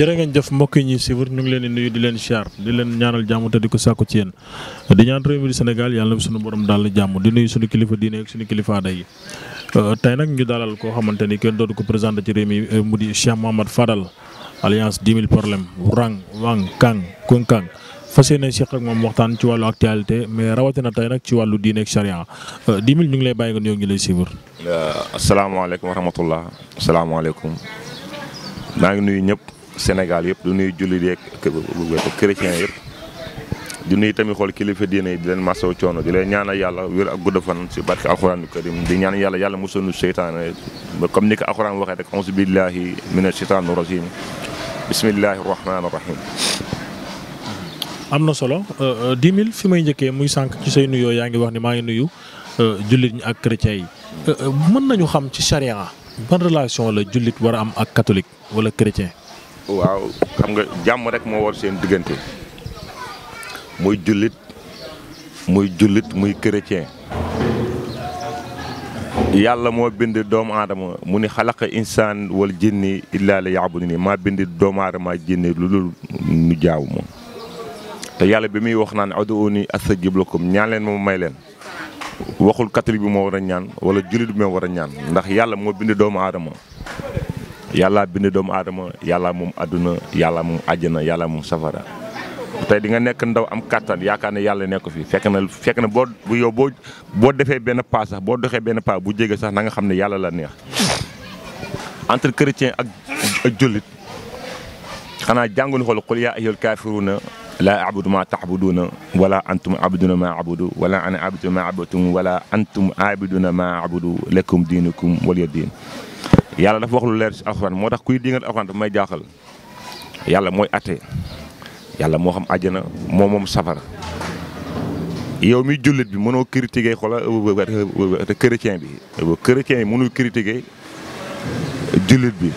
jërë ngeen jëf mbokk ñu ñuy ñu ngi leen di nuyu di leen siyaar di leen ñaanal jàmm te di ko sàkku ci yéen di ñaan réew mi Sénégal yàlla na suñu borom daal jàmm di nuyu suñu kilifa diine ak suñu kilifa aada yi euh, tey nag ñu dalal koo xamante ni kenn dootu ko présenté ci réew mi euh, mu di Cheikh Mouhamad Fadal alliance 10 000 problèmes rang wang kang kunkang fas yéene Cheikh moom waxtaan ci wàllu actualité mais rawatina tey nag ci wàllu diine ak charia 10 euh, ñu ngi lay bàyyi nga nuyoo ngi lay suivre. asalaamaaleykum wa rahmatullah asalaamaaleykum maa ngi nuyu ñëpp Sénégal yëpp du nuy jullit yeeg chrétien yëpp di nuyu tamit xool kilifa diine yi di leen masawu coono di leen ñaanal yàlla wér ak gudd fan si barke alxuraanu karim di ñaan yàlla yàlla musal nu seytaane ba comme ni ko alxuraan waxee rek auzu billahi mina seytaani rajim bismillahi rahmaani rahim. am na solo 10 euh, 000 euh, fi may njëkkee muy sànq ci say nuyoo yaa ngi wax ni maa ngi nuyu euh, jullit ñi ak chrétien yi mën nañu xam ci charia ban relation la jullit war am ak catholique wala chrétien. waaw xam nga jàmm rek moo war seen diggante muy jullit muy jullit muy chrétien yàlla moo bind doomu aadama mu ni xalaqa insaan wal jënni illaa la yaabudu ni maa bind doomu aadama jinni lu dul nu jaaw moom te yàlla bi muy wax naan ud'uuni astajib lakum ñaan leen moom may leen waxul catholique bi moo war a ñaan wala jullit bi moo war a ñaan ndax yàlla moo bind doomu aadama yàlla bind doomu aadama yàllaa moom àdduna yàllaa moom àjjana yàllaa moom safara te di nga nekk ndaw am kàttan yaakaar ne yàlla nekk fii fekk na fekk na boo bu yow boo boo defee benn pas sax boo doxee benn paa bu jege sax na nga xam ne yàlla la neex entre chrétien ak ak jullit xanaa jànguñu xool qul yaa ayyuhal kaafiruuna laa abudu maa taxbuduuna wala antum abiduna maa abudu wala ana abidu maa abadtum wala antum abiduna maa abudu lakum diinukum waliya diin yàlla dafa wax lu leer ci alxuraan moo tax kuy dingal alxuraan dafa may jaaxal yàlla mooy atte yàlla moo xam àjjana moo moom safara yow mi jullit bi mënoo critiquer xoola euh, euh, euh, te bi yi mënul critiquer jullit bi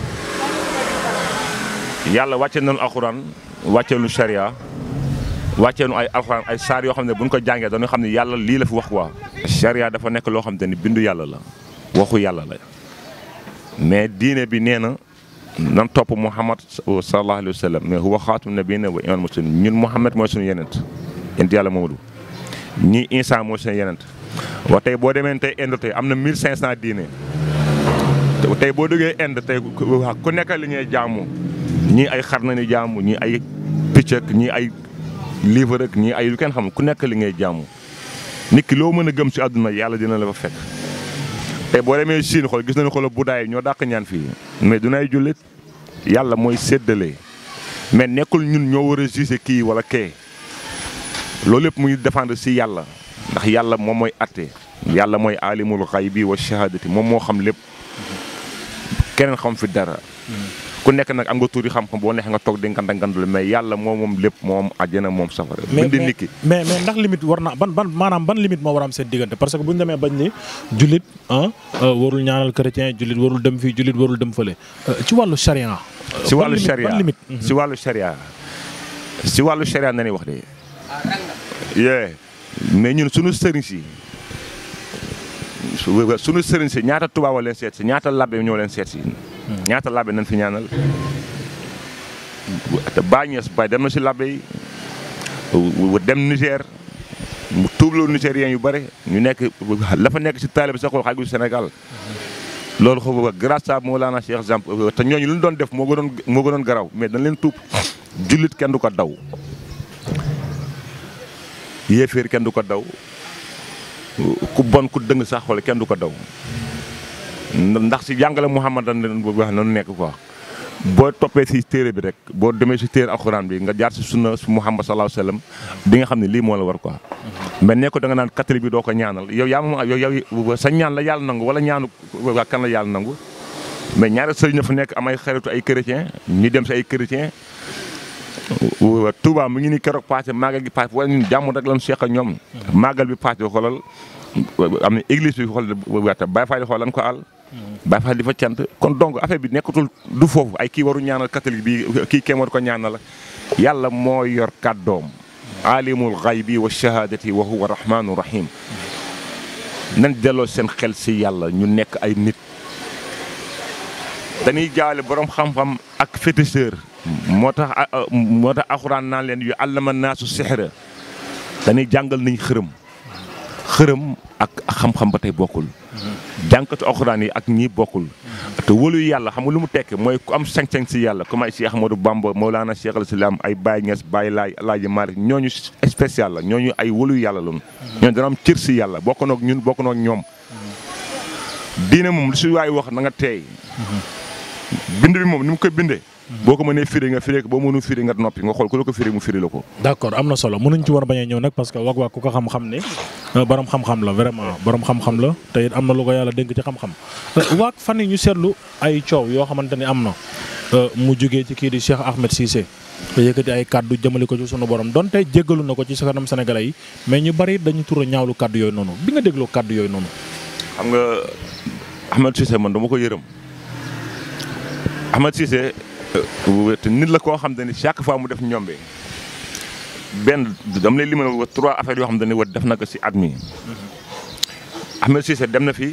yàlla wàcce nañu alxuraan wàcce lu sharia wàcce nu ay alxuraan ay saar yoo xam ne bu ñu ko jàngee dañu xam ne yàlla lii la fi wax quoi. sharia dafa nekk loo xam te ni bindu yàlla la waxu yàlla la. mais diine bi nee na nan topp Muhammad sallallahu alayhi wa sallam mais huwa xaatum nabiyyiina wa imaamul ñun Muhammad mooy suñu yenent yent yàlla Mamadu ñii Isa mooy suñu yenent wax tey boo demee tey Inde tey am na 1500 diine tey boo duggee Inde tey ku nekk li ñuy jaamu ñii ay xar nañu jaamu ñii ay picc ñii ay livre ak ñii ay lu kenn xam ku nekk li ngay jaamu nit ki loo mën a gëm si àdduna yàlla dina la fa fekk. te boo demee Chine xool gis nañu xoolal Bouddha yi ñoo dàq ñaan fii mais du nay jullit yàlla mooy séddale mais nekkul ñun ñoo war a juger kii wala kee loolu lépp muy défendre si yàlla ndax yàlla moom mooy atte yàlla mooy alimul xaybi wa shahadati moom moo xam lépp keneen xamu fi dara. ku nekk nag am nga tuuri xam boo neexee nga toog di nganda ngandul mais yàlla moom moom lépp moom àjjana moom safara bindi niki mais mais ndax limite war na ban ban maanaam ban limite moo war a am seen diggante parce que bu ñu demee bañ ni jullit ah, euh, warul ñaanal chrétien jullit warul dem fii jullit warul dem fële euh, ci wàllu charia euh, si wàllu charia ban si wàllu charia si wàllu charia na ni wax de yee mais ñun sunu sëriñ si suñu sëriñ si ñaata tubaab leen seet si ñaata labbe ñoo leen seet si Hmm, ñaata labbe nañ fi ñaanal baa Ñas Baay dem na si labbe yi dem Niger mu tuubloo nigériens yu bare ñu nekk la nekk si taalibe sa xool xaaju Sénégal loolu xaw grâce à Mawlana Cheikh exemple te ñooñu lu doon def moo gënoon moo gënoon garaw mais dañ leen tuub jullit kenn du ko daw yéeféer kenn du ko daw ku bon ku dëng sax xool kenn du ko daw ndax si jàngale Muhammadan boobu wax noonu nekk quoi boo toppee si téere bi rek boo demee si téere alxuraan bi nga jaar si sunna su Muhammad sallallahu alayhi wasallam di nga xam ne lii moo la war quoi. mais nekk da nga naan catholique bi doo ko ñaanal yow yaa moom yow yow sa ñaan la yàlla nangu wala ñaanu waa kan la yàlla nangu mais ñaari sëriñ fa nekk am ay xaritu ay chrétien ñu dem si ay chrétien. Touba mu ngi ni keroog paase màggal gi paase wala ñun jàmm rek lañu seq ak ñoom. màggal bi paase ba xoolal am na église bi xool ba Baye Fall xool lan ko àll. Baay Faal di fa cant kon donc affaire bi nekkatul du foofu ay kii waru ñaanal catholique bi kii kenn waru ko ñaanal yàlla moo yor kàddoom aalimul xaybi wa shahaadati wa huwa rahmaanu rahim nan delloo seen xel si yàlla ñu nekk ay nit dañuy jaawale boroom xam-xam ak féticheur moo tax ah, ah, moo tax alxuraan naan leen yu allama naasu sixra dañuy jàngal nañ xërëm xërëm ak xam-xam ba tey bokkul jànkatu alxuraan yi ak ñii bokkul te wóolu yàlla xam nga lu mu tekk mooy ku am sañ-sañ si yàlla comme ay Cheikh Ahmadou Bamba Mawlana Cheikh al Islam ay Baye Niass Baye Laay ñoo ñu ñooñu spécial la ñu ay wóolu yàlla loonu ñoo dana am cër si yàlla bokk noog ñun bokk noog ñoom diine moom lu si waay wax na nga teey bind bi moom nu mu koy bindee boo ko mënee firi nga firi boo mënu firi nga noppi nga xool ku la ko firi mu firi la ko d'accord am na solo mënuñ ci war bañ a ñëw nag parce que waag waag ku ko xam-xam ne euh, borom xam-xam la vraiment borom xam-xam la te it am na lu ko yàlla dénk ci xam-xam euh, waag fan yi ñu seetlu ay coow yoo xamante ni am na euh, mu jógee ci kii di Cheikh Ahmed Cissé te yëkkati ay kàddu jëmale ko ci sunu borom donte jéggalu na ko ci sa kanam sénégalais yi mais ñu bari dañu tura ñaawlu kàddu yooyu noonu bi nga dégloo kàddu yooyu noonu xam nga Ahmed Cissé man dama ko yërëm Ahmed te nit la koo xam ne chaque fois mu def ñombe benn dam lay limal wa trois affaires yoo xam ne wa def na ko si at mi. Ahmed Cissé dem na fi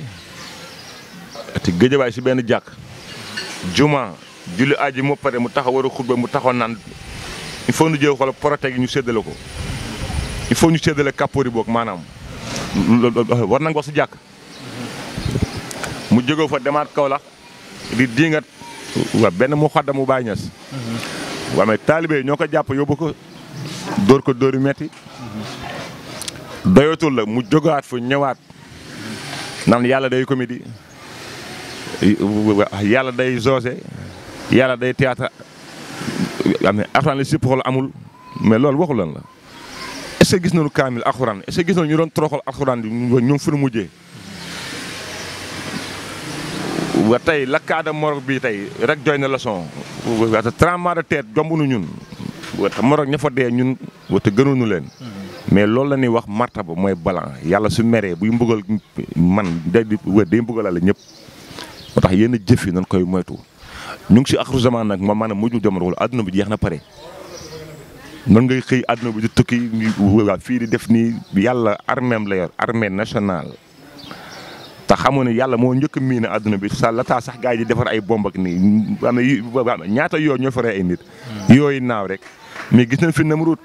te géejawaay si benn jàkk juma julli aji moo pare mu taxaw war a xutba mu taxaw naan il faut ñu jël xool protège ñu séddale ko il faut ñu séddale kàppoori boog maanaam war nañ wax si jàkk mu jógee fa demaat Kaolack di diingat waaw benn mu xadda mu Baay Ñas waa mais taalibe yi ñoo ko jàpp yóbbu ko dóor ko dóor yu metti doyatul la mu jógaat fu ñëwaat naan yàlla day comédie yàlla day zoose yàlla day théâtre am ne alxuraan li sipp xool amul mais loolu waxu lan la est-ce que gis nañu kaamil alxuraan est-ce que gis nañu ñu doon toroxal alxuraan bi ñoom fu nu mujjee wa tey la cas de bi tey rek doy na leçon wata tremblement de terre jombunu ñun wata Maroc ña fa dee ñun wata gënuñu leen mais loolu la ñuy wax martaba mooy balan yàlla su meree buy mbugal man day wër day mbugalale ñëpp moo tax yenn jëf yi nañ koy moytu ñu ngi si axru zaman nag ma maanaam mujj jamono wala àdduna bi jeex na pare nan ngay xëy adduna bi di tukki waa fii di def nii yàlla armée am la yor armée nationale te xamoo ne yàlla moo njëkk miin àdduna bi sa lataa sax gaa yi di defar ay bomb ak nii am na ñaata yoo ñoo faree ay nit. Hmm. yooyu naaw rek mais gis nañ fi Namruud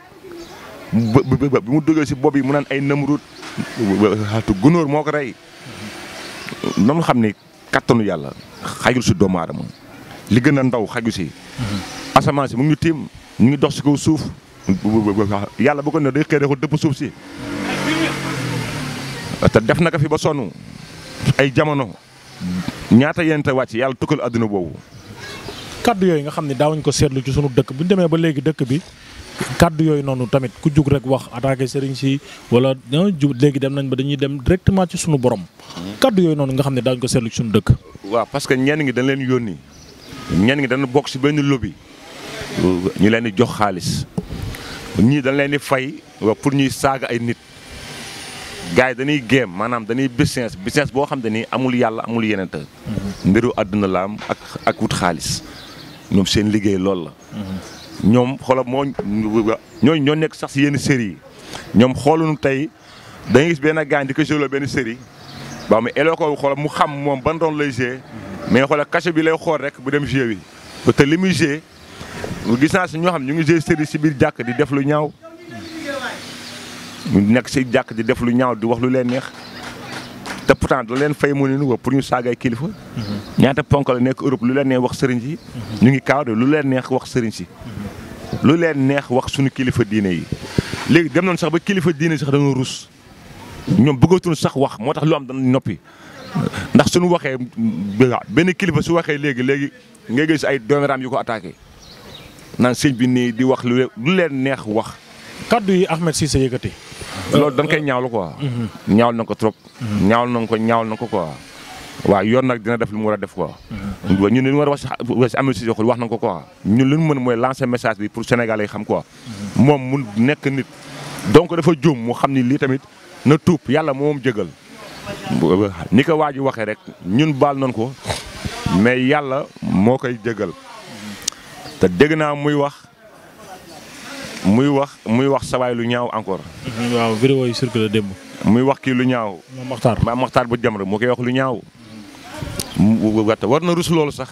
bi mu duggee si bopp yi mu naan ay Namruud xatu gunóor moo ko rey. noonu xam ne kattanu yàlla xajul si doomu aadama li gën a ndaw xaju si. Hmm. asamaan si mu ngi ñu tiim mu ngi dox si kaw suuf yàlla bu ko ne day xëy ko dëpp suuf si te def na ko fi ba sonn. ay jamono ñaata yente wàcc yàlla tukkal àdduna boobu. kaddu yooyu nga xam ne daawuñ ko seetlu ci sunu dëkk bu ñu demee ba léegi dëkk bi kàddu yooyu noonu tamit ku jug rek wax attaqué sëriñ si wala ah, ju léegi dem nañ ba dañuy dem directement ci sunu borom. kaddu yooyu noonu nga xam ne daawuñ ko seetlu ci sunu dëkk. waa parce que ñenn ngi dañ leen yónni ñenn ngi dañ bokk si benn lobby ñu leen di jox xaalis ñii dañ leen di fay pour ñuy saaga ay nit. gars yi dañuy géem maanaam dañuy business business boo xam te amul yàlla amul yeneen te mbiru àdduna laam ak ak wut xaalis ñoom seen liggéey loolu la ñoom xoolal moo ñooñu ñoo nekk sax si yenn série yi ñoom xooluñu tey dañuy gis benn gaañ di ko jëloo benn série ba mu éloo ko xoolal mu xam moom ban doon lay jouer mais xoolal cachet bi lay xool rek bu dem jouer wi te li muy jouer gis naa si ñoo xam ñu ngi jouer série si biir jàkk di def lu ñaaw ñu nekk si jàkk di def lu ñaaw di wax lu leen neex te pourtant da leen fay mu ne ko pour ñu saagay kilifa. Mhm. ñaata ponk la nekk Europe lu leen neex wax sëriñ si. Mhm. ñu ngi kaaw lu leen neex wax sëriñ si. Mhm. lu leen neex wax suñu kilifa diine yi léegi dem noonu sax ba kilifa diine sax dañoo rus ñoom bëggatuñu sax wax moo tax lu am noppi. ndax suñu waxee benn kilifa su waxee léegi léegi nga gis ay doomeraam yu ko attaqué naan sëñ bi nii di wax lu leen neex wax. kaddu yi Ahmed Cissé yëkkati. loolu dañ koy ñaawlu quoi. ñaawlu na ko trop. ñaawlu na ko ñaawlu na ko quoi. waaw yoon nag dina def lu mu war a def ko waaw ñun li ñu war a wax si Ahmed Cissé wax nañ ko quoi ñun li ñu mën mooy lancer message bi pour Sénégalais yi xam quoi. moom mu nekk nit. donc dafa juum mu xam ni lii tamit na tuub yàlla moom jëgal. ni ko waa ji waxee rek ñun baal nañ ko mais yàlla moo koy jëgal te dégg naa muy wax muy wax muy wax sawaay lu ñaaw encore. Mhm, waaw yi circulé démb. muy wax kii lu ñaaw. maam Maxtaar maam Maxtaar bu jëm rek mu koy wax lu ñaaw. mu war na rus loolu sax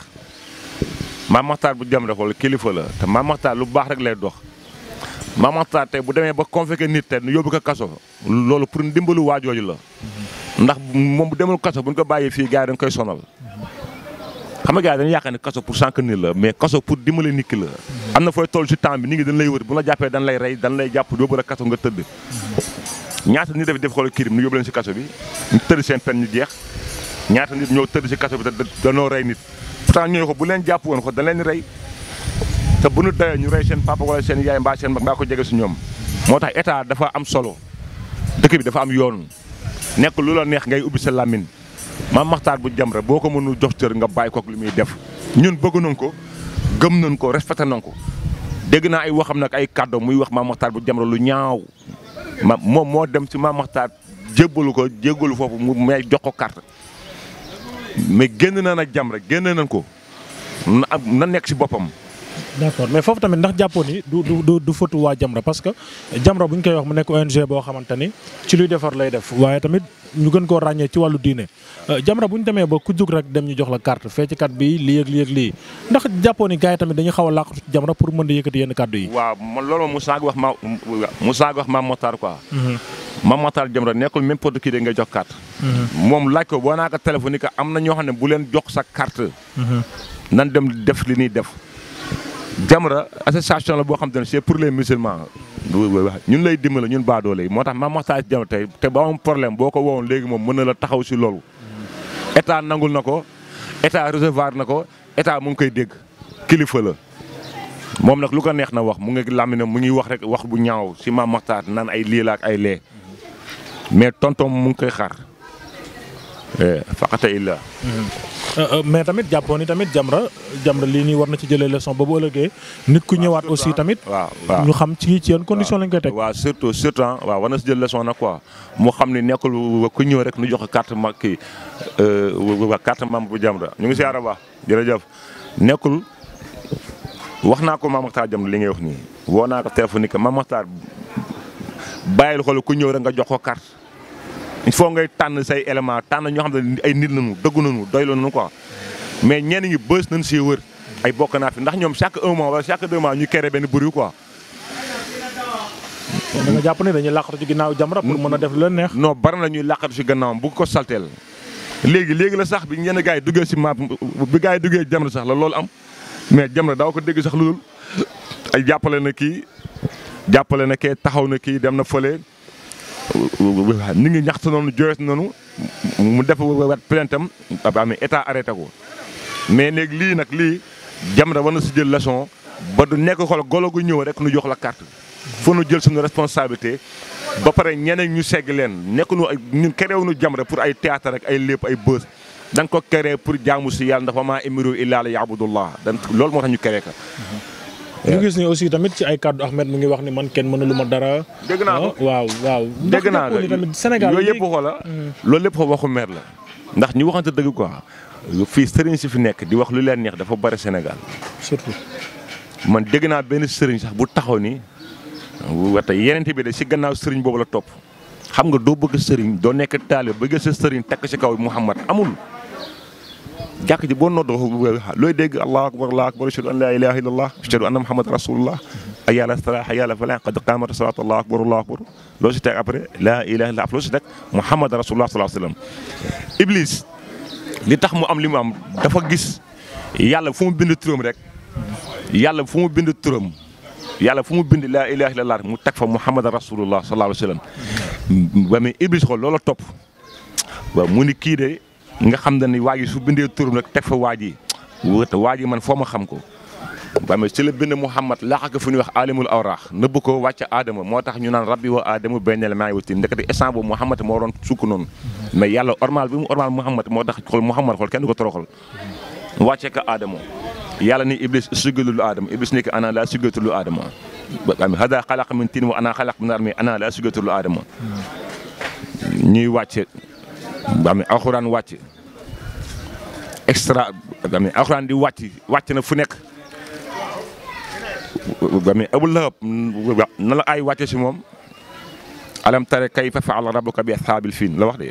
maa Maxtaar bu jam rek wala kilifa la te maam Maxtaar lu baax rek lay dox. maa Maxtaar tey bu demee ba convoqué nit te yóbbu ko kaso loolu pour ndimbalu waajooju la. Mhm. ndax moom bu demul kaso bu ñu ko bàyyee fii gars yi dañ koy sonal. Mhm. xam nga dañ yi dañuy yaakaar ne kaso pour sànqal la mais kaso pour dimbale nit ki la. am na fooy toll si temps bi nit ñi dañ lay wër bu la jàppee dañ lay rey dañ lay jàpp yóbbu la kaso nga tëdd. ñaata nit def def xool kirim ñu yóbbu kaso seen jeex ñaata nit ñoo tëdd si kaso bi te danoo rey nit. pourtant ñooñu ko bu leen jàpp woon ko dañ leen rey te bu nu dayoo ñu rey seen papa wala seen yaay mbaa seen mag mbaa ko jege si ñoom moo tax état dafa am solo dëkk bi dafa am yoon nekk lu la neex ngay ubbi sa làmmiñ maam maxtaar bu jam rek boo ko mënul jox cër nga bàyyi ko ak li muy def ñun bëggu nañ ko gëm nañ ko respecté nañ ko dégg naa ay waxam nag ay kàddoo muy wax maam maxtaar bu jam lu ñaaw ma moom moo dem ci maam maxtaar jébbalu ko jéggalu foofu mu may jox ko carte mais génn na nag jam rek génn nañ ko na nekk ci boppam d'accord mais foofu tamit ndax jàppoon ni du du du fëtu waa Jamra parce que Jamra bu ñu koy wax mu nekk ONG boo xamante ni ci luy defar lay def waaye tamit ñu gën koo ràññee ci wàllu diine. Euh, Jamra bu ñu demee ba ku jug rek dem ñu jox la carte feccikat bi lii ak lii ak lii ndax jàppoon ni gars yi tamit dañu xaw a làqatu ci Jamra pour mën a yëkkati yenn kàddu yi. waaw man loolu Moussa wax ma wax ma Motar quoi. Mame Matar Jamra nekkul même porte kii de nga jox carte. Mhm. moom laaj ko boo naa ko am na ñoo xam ne bu leen jox sa carte. Mhm. nan dem def li ñuy def. Jamra association la boo xam te ne c'est pour les musulmans ñun lay dimbale ñun baadoole yi moo tax ma maxtaay si Jamra tey te ba am problème boo ko woowoon léegi moom mën na la taxaw si loolu état nangul na ko état recevoir na ko état mu ngi koy dégg kilifa la moom nag lu ko neex na wax mu ngi làmmiñ mu ngi wax rek wax bu ñaaw si maam Maxtaar naan ay lii la ak ay lee mais tontom mu ngi koy xaar eh, faqata illa mm-hmm. Euh, euh, mais tamit jàppoon ni tamit Jamra Jamra lii nii war na ci jëlee leçon ba bu ëllëgee nit ku ñëwaat aussi tamit waaw ñu xam ci ci yan condition lañ koy teg waaw surtout surtout waa war na si jël leçon nag quoi mu xam ni nekkul ku ñëw rek nu jox carte ma kii euh, membre bu Jamra ñu ngi siyaara baax jërëjëf nekkul wax naa ko Mame Makhtar li ngay wax nii woo naa ko téléphone ni que Mame ku ñëw rek nga jox ko il faut ngay tànn say élément tànn ñoo xam ne ay nit nañu dëggu nañu doylu nañu ko mais ñenn ñi bës nañ si wër ay bokk naa fi ndax ñoom chaque un mois wala chaque deux mois ñu kere benn bruit quoi. da nga jàpp ne dañuy ginnaaw Jamra pour mën a def lu leen neex. noo bari na ñuy làqatu si gannaawam bu ko salteel léegi léegi la sax bi ñenn gaa yi duggee si maap bi gaa yi duggee Jamra sax la loolu am mais Jamra daaw ko dégg sax loolu ay jàppale na kii jàppale na kee taxaw na kii dem na fële. nit ngi ñax sa noonu jooyat noonu mu def wat plainte am am état arrêté ko mais néeg lii nag lii Jamra war na si jël leçon ba du nekk xool golo gu ñëw rek nu jox la carte foo nu jël suñu responsabilité ba pare ñeneen ñu segg leen nekk nu ay ñun kerew nu Jamra pour ay théâtre rek ay lépp ay bës da ko keree pour jaamu si yàlla ndax wa maa umiru illaa liya'budullah loolu moo tax ñu keree ka ñu gis ni aussi tamit ci ay kàddu Ahmed mu ngi wax ni man kenn mënu lu ma dara. dégg naa ko ah, waaw waaw. dégg naa ko tamit yooyu yëpp waxoo la. Mm. loolu lépp waxu maire la ndax ñu waxante dëgg quoi fii sëriñ si fi nekk di wax lu leen neex dafa bari Sénégal. surtout man dégg naa benn sëriñ sax bu taxaw ni wata yeneen bi de si gannaaw sëriñ boobu la topp xam nga doo bëgg sëriñ doo nekk taalibe ba sa sëriñ takk si kaw Muhammad amul. jàkk ji boo noddoo looy dégg allahu akbar allahu akbar ashhadu an la ilaha illallah ashhadu anna muhammad rasulullah ay yàlla salaa ay yàlla falaa qad qaamata salaatu allahu akbar allahu akbar loo si teg après la ilaha illallah loo si teg muhammad rasulullah salaa sallam iblis li tax mu am li mu am dafa gis yàlla fu mu bind turam rek yàlla fu mu bind turam yàlla fu mu bind laa ilaha illallah mu teg fa muhammad rasulullah salaa sallam ba mais iblis xool loola topp waaw mu ni kii de nga xam ne ni waa ji su bindee turam rek teg fa waa ji waa ji man foo ma xam ko. ba ci la bind Muhammad laax ko fu ñuy wax alimul awraax nëbb ko wàcc aadama moo tax ñu naan rabbi wa aadama benn la maa ngi wuti ndekete instant boobu Muhammad moo doon sukk noonu. mais yàlla ormal bi mu ormal Muhammad moo tax xool Muhammad xool kenn du ko toroxal wàcce ko aadama yàlla ni Iblis sugalul aadama lu nekk ana laa sugatulu aadama. am hada xalaq min a wa ana xalaq min nar mi ana laa sugatulu aadama ñuy wàcce. nga xam ne alxuraan wàcc extra nga xam di wàcc na fu nekk nga Abu Lahab na la ay wàcce si moom alam tare kayfa fa'ala rabbuka bi ashaabil fiin la wax de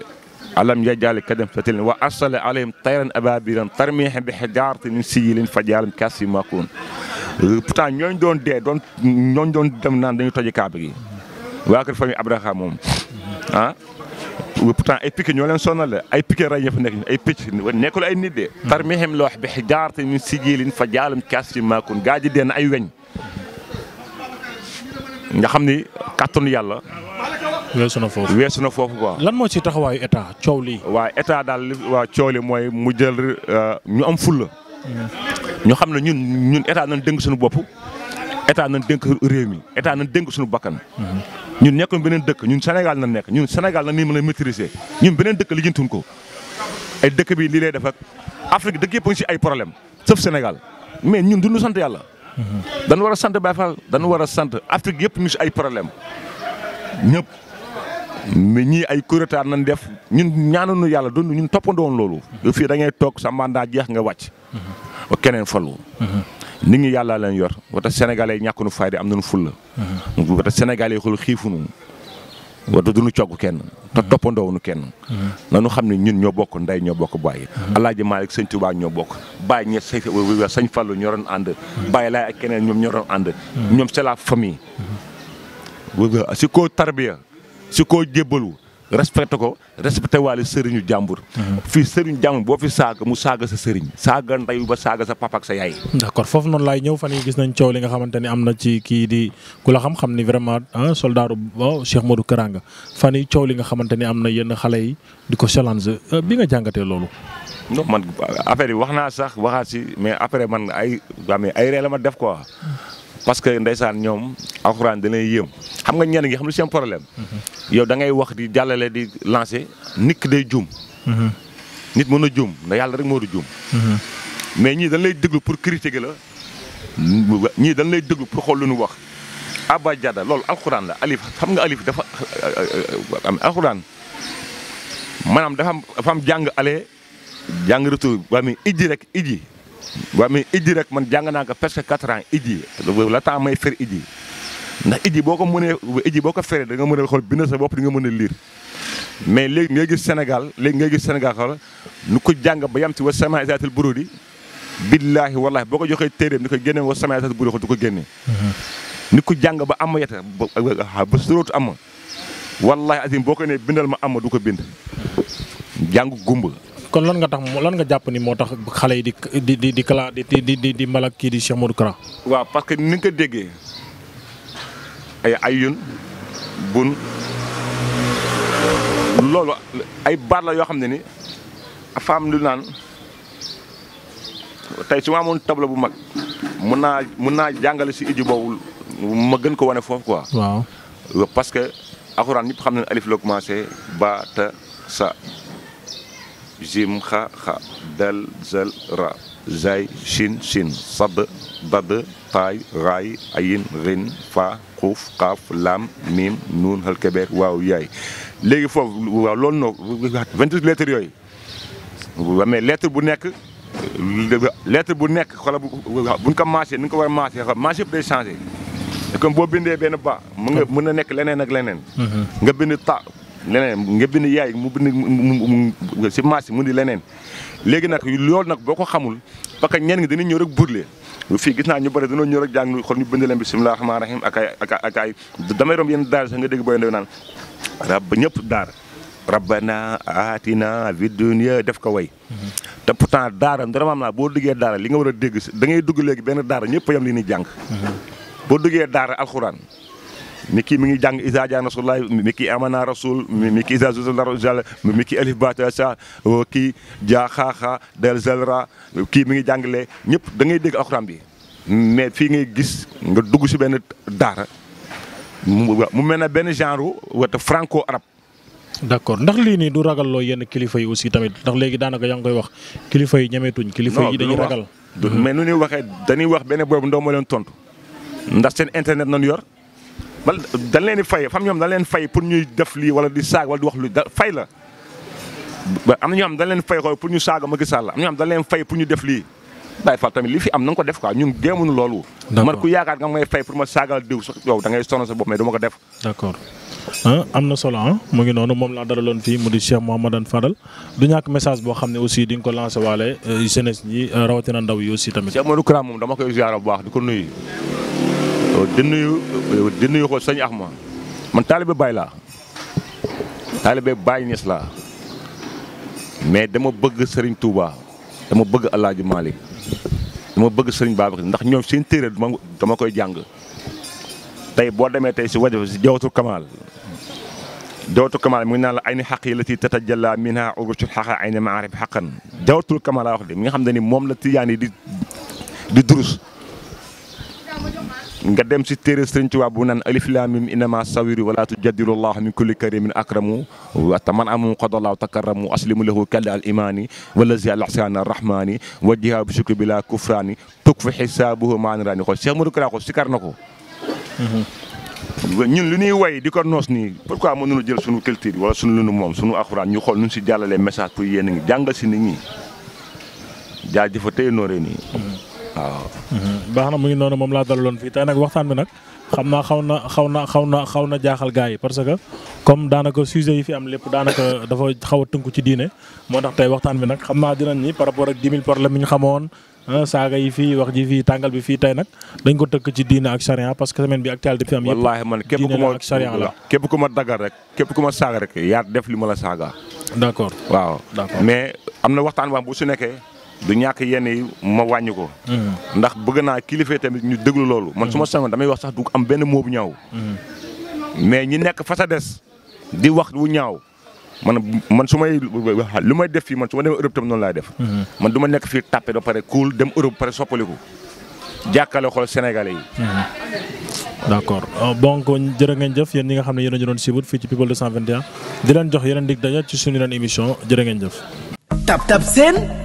alam yaj'al kaydahum fi tadlil wa arsala alayhim tayran abaabiila tarmiihim bi hijaaratin min sijjiil fa ja'alahum ka'asfin ma'kuul pourtant ñooñu doon dee doon doon dem naan dañu toje kaaba gi waa kër famille Abraha moom ah? pourtant ay piqué ñoo leen sonal la ay piqué ray ña fa nekk ay picc nekkul ay nit de. tarmihim hmm. loox bi xijaarati min sijilin fa jaalum kaas fi maakun gaa ji deen ay weñ. nga xam ni kàttanu yàlla. weesu na foofu weesu na foofu quoi. lan moo ci taxawaayu état coow lii. waa état daal waa coow li mooy mu jël euh, ñu am fulla hmm. ñu xam ne ñun ñun état nañ dëng suñu bopp. état nañ dénk réew mi état nañ dénk suñu bakkan ñun nekkoon beneen dëkk ñun Sénégal na nekk ñun Sénégal na nii mën a maîtriser ñun beneen dëkk lijjantuñ ko ay dëkk bi lii lay def ak Afrique dëkk yëpp ngi si ay problème sauf Sénégal mais ñun duñu sant yàlla dañu war a sant Baye Fall dañu war a sant Afrique yëpp ngi si ay problème ñëpp mais ñii ay kuréetaan nañ def ñun ñaananu yàlla doon ñun toppandoon loolu. fii da ngay toog sa mandat jeex nga wàcc. ba keneen falu. nit yàlla leen yor wata sénégalais yi ñàkk nu fayda am nañu fulla. wata sénégalais yi xool xiifuñu wata duñu cogg kenn te toppandoowuñu kenn. nanu xam ne ñun ñoo bokk ndey ñoo bokk bàyyi. alaaji Maalik sëñ Tuubaa ñoo bokk bàyyi ñe say sañ fallu ñoo doon ànd. laay ak keneen ñoom ñoo doon ñoom c'est la famille. si ko tarbiya si ko jébbalu respecté ko respecté waale sëriñu jàmbur. Uh-huh. fii sëriñu jàmbur boo fi saaga mu saaga sa sëriñ. saaga ndeyu ba saaga sa papa ak sa yaay. d'accord foofu noonu laay ñëw fan yi gis nañ coow li nga xamante ni am na ci kii di ku la xam-xam ni vraiment ah soldaaru oh Cheikh Modou Karanga fan yi coow li nga xamante ni am na yenn xale yi di ko challenge euh, bi nga jàngatee loolu. non man affaire yi wax naa sax waxaat si mais après man ay waa ay ree ma def quoi. Uh-huh. parce que ndeysaan ñoom alxuraan da yéem xam nga ñenn ngi xam lu seen problème. yow da ngay wax di jàllale di lancer nit ki day juum. nit mën a juum ndax yàlla rek moo di juum. mais ñii dañ lay déglu pour critiquer la ñii dañ lay déglu pour xool lu ñu wax. Abba Jada loolu alxuraan la alif xam nga alif dafa alxuraan maanaam dafa am jàng ale jàng retour ba muy ijji rek ijji. waaw mais Idji rek man jàng naa ko presque quatre ans Idji la temps may fer Idji ndax Idji boo ko mënee Idji boo ko feree danga mën a xool bind sa bopp di nga mën a liir mais léegi ngay gis Sénégal léegi ngay gis Sénégal xool nu ko jàng ba yam ci wa sama isaatil burudi billaahi wallaahi boo ko joxee téeréem ni ko génne wa sama isaatil burudi du ko génne ni ko jàng ba am yata ba suróotu am wallaahi azim boo ko nee bindal ma am du ko bind gumba kon lan nga tax lan nga jàpp ni moo tax xale yi di di di di di di di di mbalak kii di Cheikh Kara. waaw parce que ni ko déggee ay bun loolu ay yoo xam ne ni faam lu naan tey su ma bu mag mun naa mun naa jàngale si iju boobu ma gën ko wane foofu quoi. waaw parce que alxuraan ñëpp xam ne alif la commencé ba ta sa. jim xa xa dal zal ra zay shin shin sab dad taay raay ayin rin fa xuuf xaaf laam miim nuun halkebeer waaw yaay léegi foofu waaw loolu noo vingt-huit lettres yooyu mais lettre bu nekk lettre bu nekk xoolal bu buñ ko maasee ni nga ko war a maasee xam maas yëpp changé boo bindee benn ba. mën mën na nekk leneen ak leneen. Mm-hmm. leneen nga bind yaay mu bind mu si marché mu di leneen léegi nag loolu nag boo ko xamul parce que ñenn ñi dañuy ñëw rek burle fi gis naa ñu bari danoo ñëw rek jàng xool ñu bind leen bismillah rahmaan rahim ak ay ak ay damay nga dégg booy ndew naan rab ñëpp daara rabbana aatina fi dunya def ko way te pourtant daara vraiment naa boo duggee daara li nga war a dégg da ngay dugg léegi benn daar ñëpp yam li ni jàng mhm. boo duggee daara alxuraan mi kii mi ngi jàng isa jaa rasulullah mi kii amana rasul mi kii isa zlzal mi kii alif bata sa kii jaa xaaxa del kii mi ngi jàngale ñëpp da ngay dégg alxuraan bi mais fii ngay gis nga dugg si benn daara mu mel ne benn genre wata franco arab d' accord ndax lii nii du ragal yenn kilifa yi aussi tamit ndax léegi daanaka yaa ngi koy wax kilifa yi ñemetuñ kilifa yi dañuy ragal mais nu ñuy waxee dañuy wax benn boobu ndox ma leen tontu ndax seen internet nañu yor bal dañ leen di fay fam ñoom dañ leen fay pour ñuy def lii wala di saag wala di fay la am na ñoo xam dañ leen fay xool pour ñu saaga Macky Sall am na ñoo leen fay pour ñu def lii Baye Fall li fi am na ko def quoi ñun géemuñu loolu man ku yaakaar nga may fay pour ma saagal diw sax yow da ngay sonn sa bopp mais du ma ko def d'accord am na solo ah mu ngi noonu moom laa daraloon fii mu di Cheikh Mouhamadane Fadal du ñàkk message boo xam ne aussi di nga ko lancé waale euh, jeunesse ñi euh, rawatina ndaw yi aussi tamit Cheikh Modou Kara moom dama koy ziar bu baax di ko nuyu di nuyu di nuyu ko sëñ ma man taalibe Baay laa taalibe Baay Ñas laa mais dama bëgg sëriñ Touba dama bëgg El Hadj dama bëgg Serigne Babacar ndax ñoom seen téere dama koy jàng tey boo demee tey si wajaf si jawatu Kamal jawatu Kamal mu ngi naan la ay ni xaq yi la ciy tatajalla minha urusul xaqa ay ni maarif xaqan jawatul Kamal laa wax de mi nga xam ne ni moom la tiijaan yi di di durus. nga dem si téere sëriñ Tuubaa bu naan alif laam miim innama sawiru wala tujadilullah min kulli karimin akramu wa man amu qadallahu takaramu aslimu lahu kalli al imani wala zi al ahsani arrahmani wajjiha bi shukri bila kufrani tuk fi xisaabuhu maaniraani xool Cheikh Modou Kara ko sikar na ko mm-hmm. ñun lu ñuy way di ko noos nii pourquoi mënuñu jël sunu culture wala suñu lunu moom suñu alxuraan ñu xool nu si jàllalee message pour yéen a ngi jàngal si ni ñi jaajëfa tey nooree mm-hmm. waaw. Mhm. baax na mu ngi noonu moom laa dalaloon fii tey nag waxtaan bi nag xam naa xaw na xaw na xaw na xaw na jaaxal gars yi parce que comme xaw a bi nag xam naa dinañ ni par rapport ak 10 000 problème yi ñu xamoon saaga yi fii wax ji fii tàngal bi fii tey nag dañ ko tëkk ci diine ak charia parce que semaine bi actualité bi fi am yëpp wallaahi man képp ku ma ak charia la képp ku ma daggal rek képp ku ma saaga rek yaa def li ma la saaga d'accord waaw d'accord mais am na waxtaan bu su nekkee du ñàkk yenn yi ma wàññi ko. Mm. ndax bëgg naa kilifa tamit ñu déglu loolu. man su ma mm. sañoon damay wax sax du am benn moo bu ñaaw. Mm. mais ñi nekk fa sa des di wax wu ñaaw man man su may wax lu may def fii man su ma demee Europe tam noonu laay def. Mm-hmm. man du ma nekk fii tàppe ba pare kuul dem Europe pare soppaliku jàkkale xool Sénégalais yi. Mm-hmm. d' accord donc euh, jërë ngeen jëf yéen ñi nga xam ne yéen a ñu doon siibut fii ci People jox yeneen dig daja ci suñu leen émission jërë ngeen jëf. tab tab seen.